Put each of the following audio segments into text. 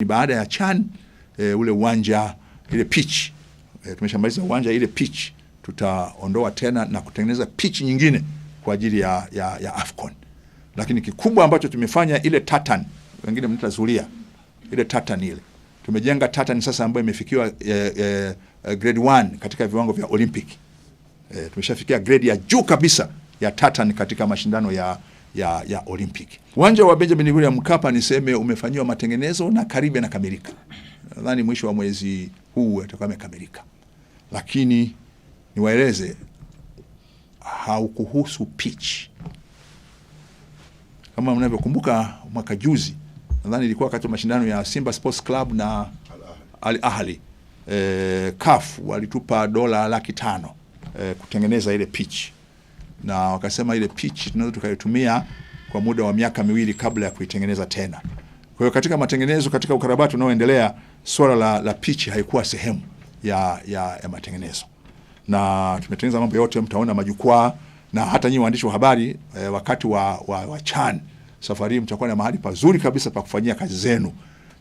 Ni baada ya CHAN e, ule uwanja ile pitch e, tumeshamaliza uwanja ile pitch tutaondoa tena na kutengeneza pitch nyingine kwa ajili ya, ya, ya Afcon. Lakini kikubwa ambacho tumefanya ile tatan, wengine mnaita zulia, ile tatan ile tumejenga tatan sasa ambayo imefikiwa e, e, grade 1 katika viwango vya Olympic. E, tumeshafikia grade ya juu kabisa ya tatan katika mashindano ya ya, ya Olympic. Uwanja wa Benjamin William Mkapa niseme umefanyiwa matengenezo na karibu yanakamilika, nadhani mwisho wa mwezi huu atakuwa amekamilika, lakini niwaeleze haukuhusu pitch. Kama mnavyokumbuka mwaka juzi, nadhani ilikuwa wakati wa mashindano ya Simba Sports Club na Al Ahli e, CAF walitupa dola laki tano e, kutengeneza ile pitch na wakasema ile pitch tunaweza tukaitumia kwa muda wa miaka miwili kabla ya kuitengeneza tena. Kwa hiyo katika matengenezo, katika ukarabati unaoendelea, swala la, la pitch haikuwa sehemu ya, ya, ya matengenezo, na tumetengeneza mambo yote, mtaona majukwaa na hata nyinyi waandishi wa habari eh, wakati wa, wa, wa CHAN safari hii mtakuwa na mahali pazuri kabisa pa kufanyia kazi zenu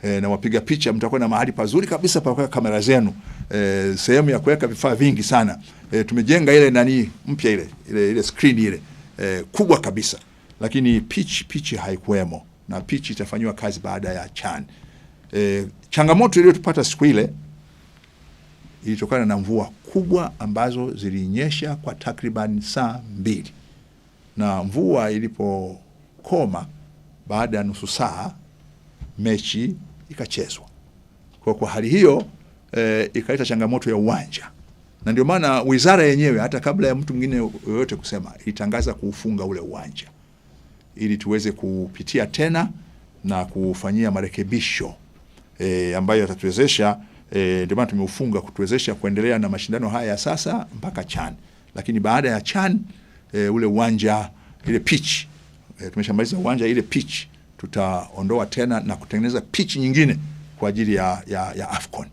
eh, na wapiga picha mtakuwa na mahali pazuri kabisa pa kuweka kamera zenu e, sehemu ya kuweka vifaa vingi sana e, tumejenga ile nani mpya ile ile, ile screen ile e, kubwa kabisa, lakini pitch pitch haikuwemo na pitch itafanywa kazi baada ya CHAN. E, changamoto iliyotupata siku ile ilitokana na mvua kubwa ambazo zilinyesha kwa takriban saa mbili, na mvua ilipokoma baada ya nusu saa mechi ikachezwa. Kwa kwa hali hiyo eh, ikaleta changamoto ya uwanja, na ndio maana wizara yenyewe hata kabla ya mtu mwingine yoyote kusema ilitangaza kuufunga ule uwanja ili tuweze kupitia tena na kufanyia marekebisho e, ambayo yatatuwezesha e, ndio maana tumeufunga kutuwezesha kuendelea na mashindano haya ya sasa mpaka CHAN. Lakini baada ya CHAN e, ule uwanja ile pitch e, tumeshamaliza uwanja ile pitch tutaondoa tena na kutengeneza pitch nyingine kwa ajili ya, ya, ya AFCON.